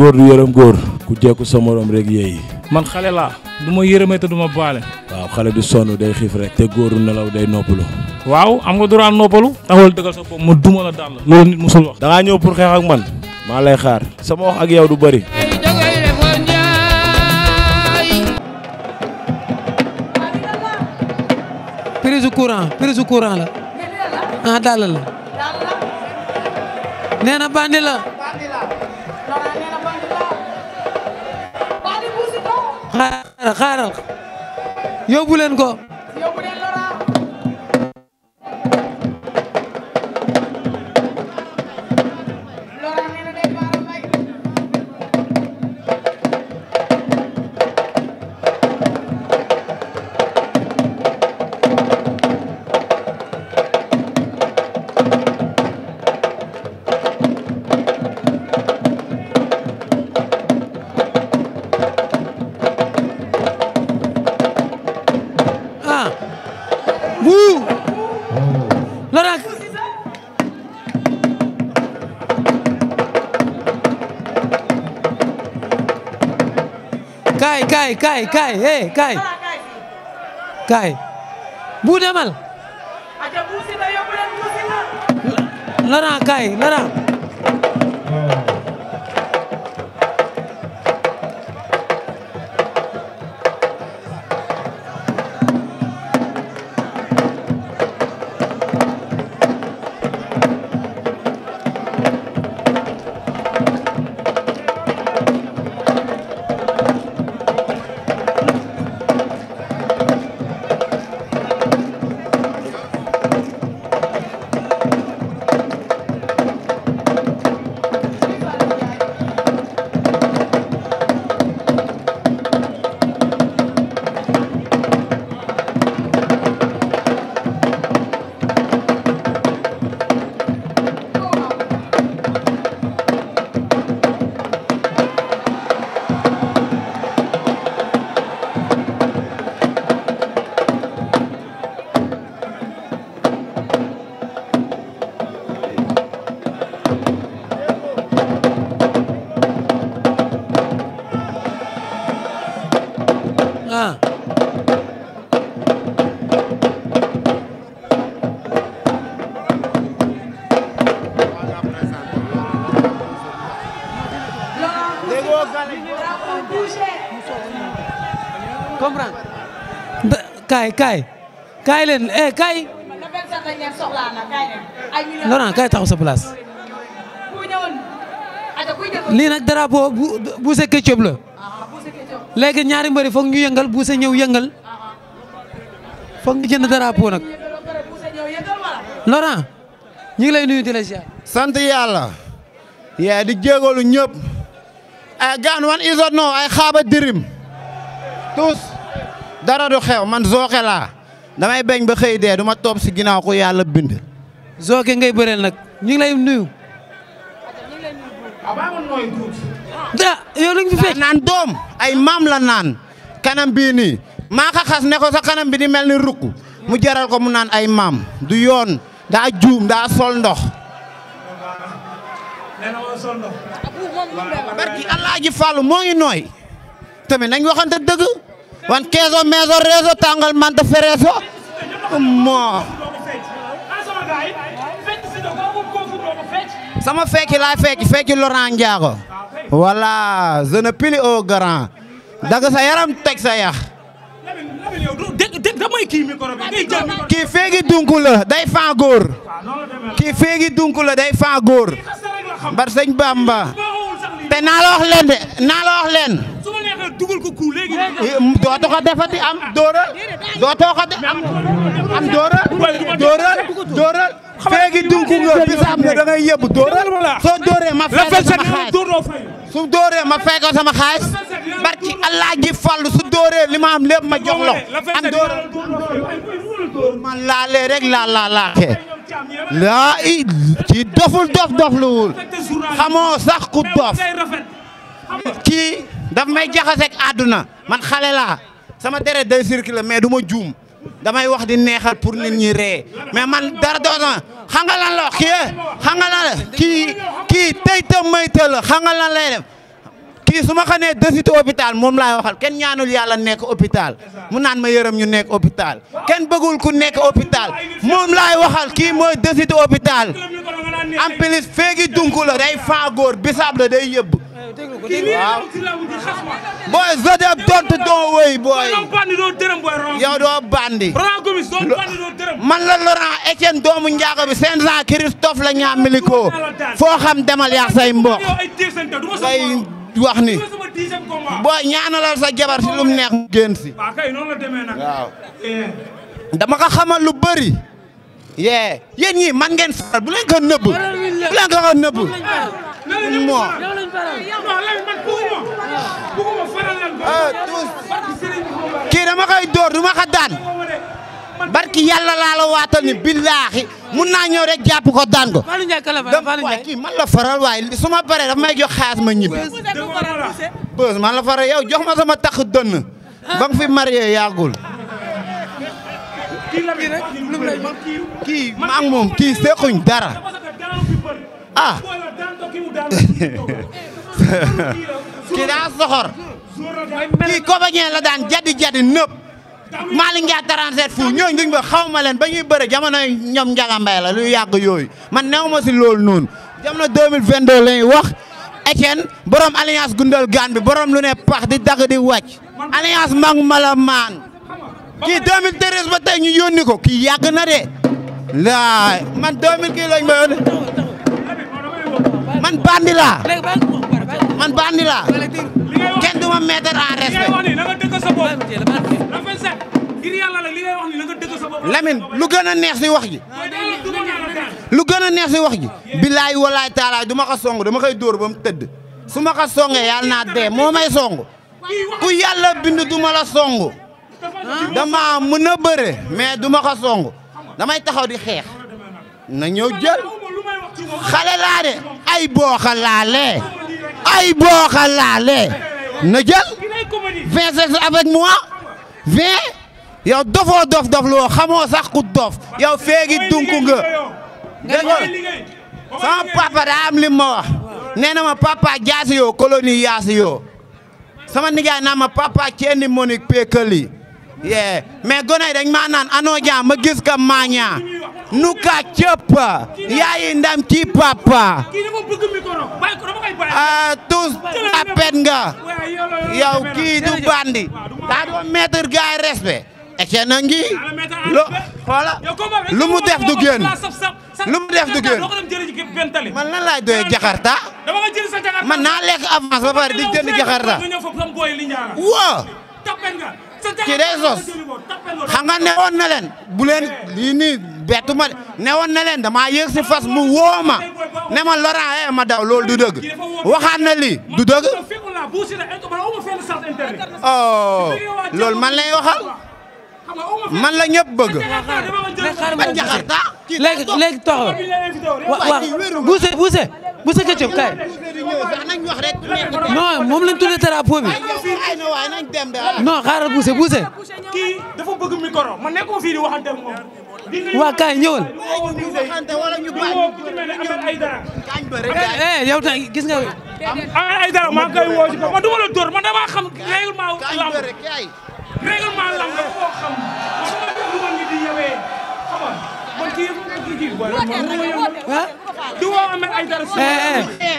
góor du yërëm góor ku jekku sa morom rek yéeyi man xale laa du ma yërëmee te du ma baale waaw xale du sonn day xiif rek te góoru nelaw day noppalu waaw am nga droit noppalu taxawal dëggal sa bopp ma duma la daal la loolu nit musul wax da ñëw pour xeex ak man maa lay xaar sama wax ak yow du bëri prise du courant prise la ah la la xaaral xaaral yóbbu leen ko. kaay kaay hey kaay kaay bu demal Laurent kaay Laurent kaay kaay kaay leen eh kaay. Laurent kaay taxaw lii nag drapeau bu Boucher Ketchup ñaari mbëri foog ñu yëngal Boucher ñëw yëngal. foog ñu jënd drapeau nag. ñu ngi lay nuyu di la ziar. sant yàlla. yaa di jégalu ñëpp. ay eh, gaan wan isot ay xaaba dirim. tous. dara du xew man zooke laa damay beñ ba xëy dee du ma topp si ginnaaw ko yàlla bind. zooke ngay bëreel nag ñu ngi lay nuyu. ah baa ma naan doom ay maam la naan. kanam bii maa ko ne ko sa kanam bi di mel ni rukk mu jaral ko mu naan ay maam du yoon da juum daa sol ndox. barki Alaaji Fàllu moo ngi nooy tamit nañ waxante dëgg. wan keeso meeso reeso tangal manta fereeso mo sama fekki laa fekki fekki Laurent Ndiago voilà je ne daga sa yaram teg sa yax kii feegi dunku day fan góor kii feegi dunku day fan góor Bamba te naa de naa dugal ko ku léegi. Eh, dootu ko defati am dóora dootoo ko am am dóora dóora dóora feegi dunku nga bisaab nga da ngay yëbb dóora soo dóoree ma fekk sama xaay su dóoree ma fekk sama xaalis allah ji fallu su dóoree li maam am ma jox la am dóora man laalee rek laa laa laakee i ci doful dof dof luwul xamoo sax ku dof kii daf may jaxaseeg àdduna man xale laa sama deret day circuler mais du ma juum damay wax di neexal pour nit ñi ree mais man dara doona xam nga lan la wax kii xam nga la kii kii tey te may te la xam nga lan kii su ma xamee desitu hôpital moom laay waxal kenn ñaanul yàlla nekk hôpital mu naan ma yërëm ñu nekk hôpital kenn bëggul ku nekk hôpital moom laay waxal kii mooy desitu hôpital en plus feegi dunk la day faagóor bisaab la day yëb waaw booy je te tontu a wéy booy. yow doo bandi. man la Laurent Etienne doomu njaago bi seen sang Christophe la ñaa milikoo foo xam demal yàq say mbokk ngay wax ni booy ñaanalal sa jabar si lu neex mu eh. dama ko xamal lu bari yee yéen ñii man ngeen faral bu leen ko nëbb bu leen ko nëbb. mois. Eh, kii dama koy dóor du ma ko daan barki yàlla laa la waatal ni billaahi mun naa ñëw rek jàpp ko daan ko. dem waay kii man faral waaye su ma paree dafa may jox xaalis ma ñibbi. bës man faral yow jox ma sama takk dënn ba nga fi marié yàggul. kii maa kii sequñ dara. ah kii daa soxor kii Copain la daan jadi jadi nëpp Malick Ndiaye 37 fu ñooñu duñ ba xaw ma leen ba ñuy bëre jamono ñoom Ndiaga Mbaye la lu yàgg yooyu man new ma si loolu noonu jamono 2022 la ñuy wax Etienne borom alliance gundal gaan bi borom lu ne pax di dagg di wàcc alliance mag ma la maan kii 2013 ba tey yónni ko kii yàgg na de laay man 2000 kii lañ ma yónni man bandi kenn du ma mettre en lu gën a neex si wax lu gën a neex si wax ji. billaay walaay taalaay du ma ko song dama kay dóor ba mu tëdd su ma ko songee yàlla naa dee moo may song ku yàlla bind du la song dama mën a bëre mais du ma ko song damay taxaw di xeex na ñëw jël. xale laa de ay booxa ay booxa na jël vingt c'est avec moi vingt yow dofoo dof dof loo xamoo sax ku dof yow feegi dunk nga dégg sama papa daa wax nee na ma papa jaasi yoo colonie yaasi yoo sama nijaay naa ma papa ceeni monique pékali yee mais gone yi dañ maa naan anooja ma gis ka maaña nu ka cëpp yaayi ndam ci papa a ah, tous tapet nga yow kii du bandi daa doon mettre gaay respect ecce na ngi lu xoola lu mu def du jakarta man naa lekk avance ba pare di jakarta waaw ci réseau xam nga newoon na leen bu leen lii nii bettu ma newoon na leen damaa yéeg si fas mu woo ma ne ma Laurent eh ma daw lool du dëgg waxaat na lii du dëgg. oh loolu man lay waxal man la ñëpp bëgg. ba jaxarta léegi léegi taxaw wa buuse buuse buuse Ketchup kay. non moom lañ tuddee drapeau bi. non xaaral buuse buuse. kii dafa bëgg micro ma nekkoo fii di waxante ak moom. waa kaay ñëwal. Eh, eh yow ta gis nga. ay dara maa koy woo ci ko man du ma la dóor man damaa xam règlement lamb règlement lamb da koo xam man sama déglu man du woo Ahmed Aïdara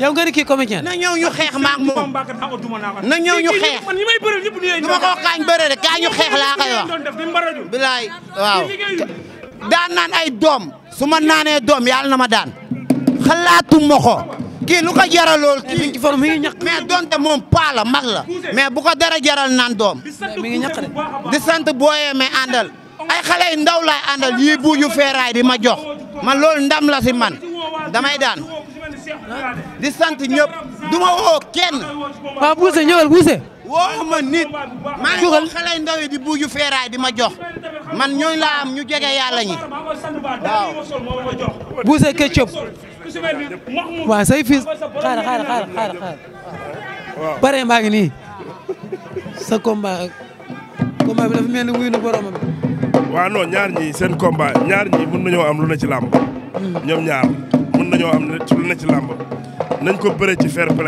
yow nga ni kii comédien na ñëw ñu xeex maak moom na ñëw ñu xeex du ma ko kaañ bëre de xeex laa koy waaw daan naan ay doom su ma naanee doom yàlla na ma daan xalaatu ma ko kii lu ko jaral lool kii mais donte moom paa la mag la mais bu ko dara jaral naan doom mi di sant booyee mais ay xale yu ndaw laay àndal yii buuju feeraay di ma jox man loolu ndam la si man damay daan di sant ñëpp du woo kenn. waaw buuse ñëwal buuse. woo ma nit. maa ngi ko xale ndaw yi di buuju feeraay di ma jox man ñooñu laa am ñu jege yàlla ñi waaw. buuse Ketchup. waaw say fils xaaral bare maa ngi nii sa combat combat bi dafa ni wuyu na boromam. waaw non ñaar ñi seen combat ñaar ñi mën am lu ne ci làmb hmm. ñoom nañoo am lu ne ci làmb nañ ko bëre ci fair ko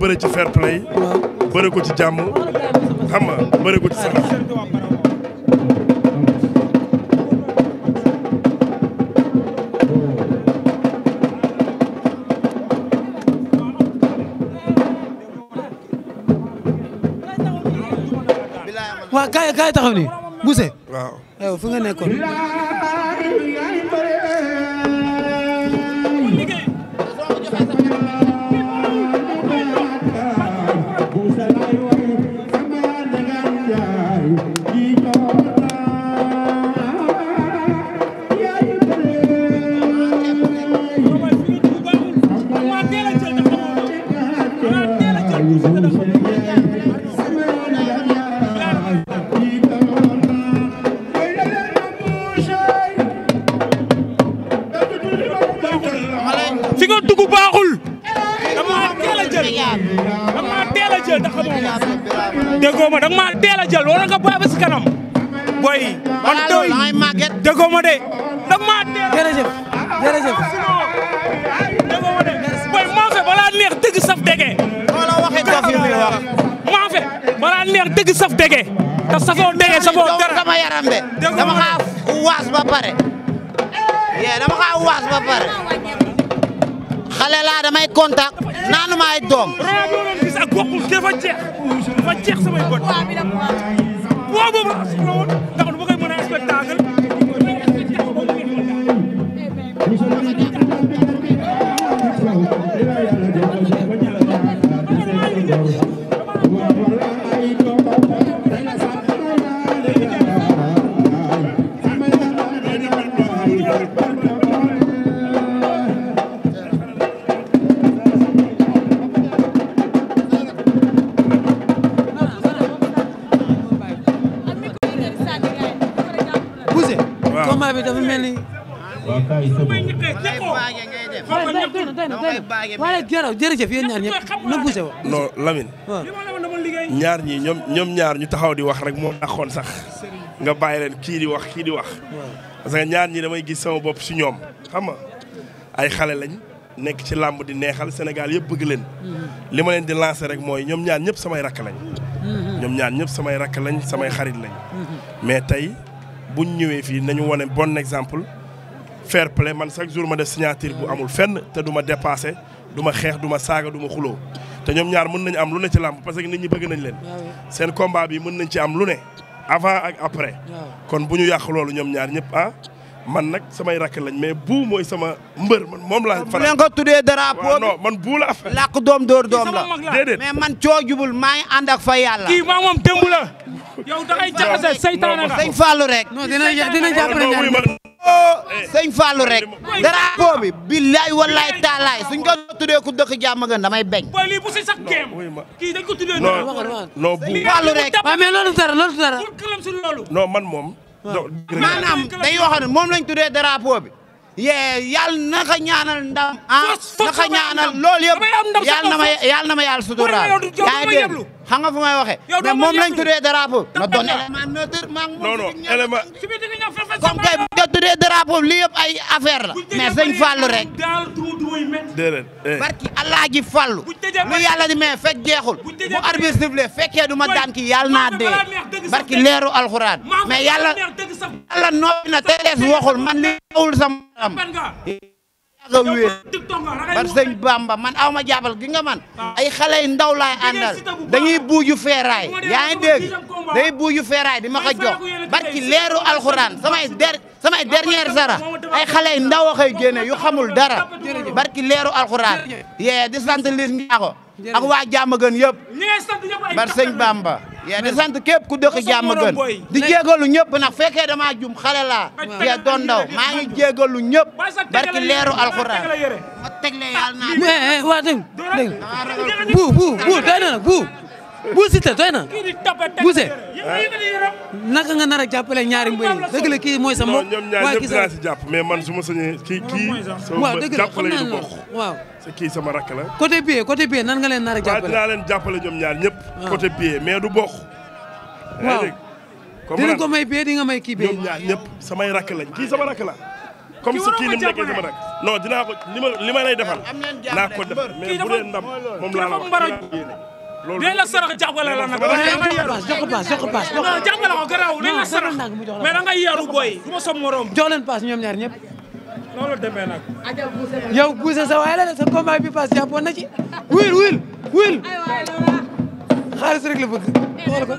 bëre ci fair play bëre ko ci jàmm xam nga bëre ko ci salaam waaw kaay kaay taxaw nii Bousse waaw Fall maa teel jël taxaw ma déggoo ma da maa teel a jël wala nga booy si kanam booy yi. man tooy déggoo ma de da maa teel a. jërëjëf jërëjëf. déggoo ma de booy maa fe balaa neex saf dege. wala waxee dof yi saf dege. te safoo dege safoo dara sama yaram de. dama waas ba pare. yee dama xaa waas ba pare. xale laa damay contact. naanu ma ay doom. ronal bi ma doon gis ak bokkul dafa jeex bët. boobu la askan woon ndax du ma koy mën a waaye gërëm jërëjëf yéen ñaar ñëpp na poussé wa non Lamine ñaar ñi ñoom ñoom ñaar ñu taxaw di wax rek moo taxoon sax nga bàyyi leen kii di wax kii di wax parce que ñaar ñi damay gis sama bopp si ñoom xam nga ay xale lañ nekk ci làmb di neexal Sénégal yëpp bëgg leen mm-hmm. li ma leen di lancé rek mooy ñoom ñaar ñëpp samay rakk lañ mm-hmm. ñoom ñaar ñëpp samay rakk lañ samay mm-hmm. xarit lañ mais tey buñ ñëwee fii nañu wone bon exemple fair play man chaque jour ma def signature bu amul fenn te du ma dépassé du xeex du saaga du xuloo te ñoom ñaar mën nañu am lu ne ci làmb parce que nit ñi bëgg nañ leen. seen combat bi mën nañ ci am lu ne avant ak après. kon bu ñu yàq loolu ñoom ñaar ñëpp ah. man nag samay rakk lañ mais bu mooy sama mbër man moom la faral bu leen ko tuddee drapeau non man bu la affaire. làkk doom dóor doom la déedéet mais man coo jubul maa fa yàlla. kii maa moom démb la. yow da ngay sëñ Fallou rek drapeau bi billaay wallaay taalaay suñ ko tuddee ku dëkk jàmm gën damay bañ. waaw lii bu si sax kéem kii dañ ko tuddee noonu. non non bu Fallou rek. waaw mais loolu dara loolu dara. non man moom. maanaam dañuy wax ne moom lañ tuddee drapeau bi. yee yàlla naka ñaanal ndam ah naka ñaanal loolu yëpp yàlla na ma yàlla na ma yàlla suturaal yaa ngi dégg xam nga fu may waxee mais moom lañ tuddee drapeau na doon élément neutre maa ngi moom non non élément comme kay la tuddee drapeau li yëpp ay affaire la. mais sëñ Fallou rek. Eh. barki allah ji Fallou. lu yàlla di fekk jeexul. bu arbitre fekkee du ma daan ki yàlla naa barki leeru alxuraan. mais yàlla yàlla noppi na te dees man li teewul sama am. a wéer bar sëñ Bamba man aw ma jàppal gi nga man ay xale yu ndaw laay àndal dañuy buuju feeraay yaa ngi dégg dañuy buuju feeraay di ma ko jox barki leeru alxuraan samay der samay dernière sara ay xale yu ndaw a koy yu xamul dara barki leeru alxuraan yee di sant Liss Ndiago ak waa jàmm gën yëpp. ñi ngay sant ñëpp ay bar sëñ Bamba. yaa di sant képp ku dëkk jàmm gën. di jégalu ñëpp nag fekkee damaa jum xale laa. yaa doon maa ngi jégalu ñëpp. barki leeru alxuraan. ma teg la yàlla eh, naa. Eh, waa dégg nga bu bu te doy na. buuse naka nga nar a jàppale ñaari mbir yi dëgg la kii mooy sa mbokk. waaw kii sa jàpp mais man su ma sañee kii kii. waaw dëgg la xam naa waaw. kii sama rakk la. côté pied côté pied nan nga leen nar a jàppale. leen jàppale ñoom ñaar ñëpp. côté pied mais du bokk. waaw dinañ ko may pied di nga may kii pied. ñoom ñaar ñëpp samay rakk lañ kii sama rakk la. comme si kii ni mu nekkee sama ma li ma lay defal. naa ko def mais bu dee moom laa la wax léegi la sarax jàppale la nag. jox ko paas jox ko paas non jàppale ko garaaw léegi la sarax mais da ngay yaru booy du ma soog morom. jox leen paas ñoom ñaar ñëpp. loolu demee nag. yow Boucher sa waay la sa combat bi paas jàppoon na ci. wil wil wil xaalis rek la bëgg xool eh, ko.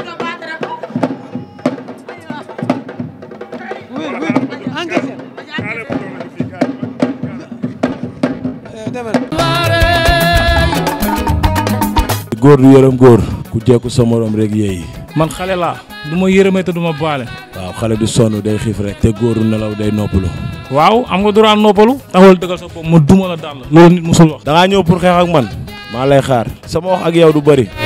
góor du yërëm góor ku jekku sa morom rek yéeyi man xale laa du ma yërëmee te du ma baale waaw xale du sonn day xiif rek te góoru nelaw day noppalu waaw am nga droit noppalu taxawal dëggal sa bopp ma duma la daal la loolu nit musul wax da ngaa ñëw pour xeex ak man maa lay xaar sama wax ak yow du bëri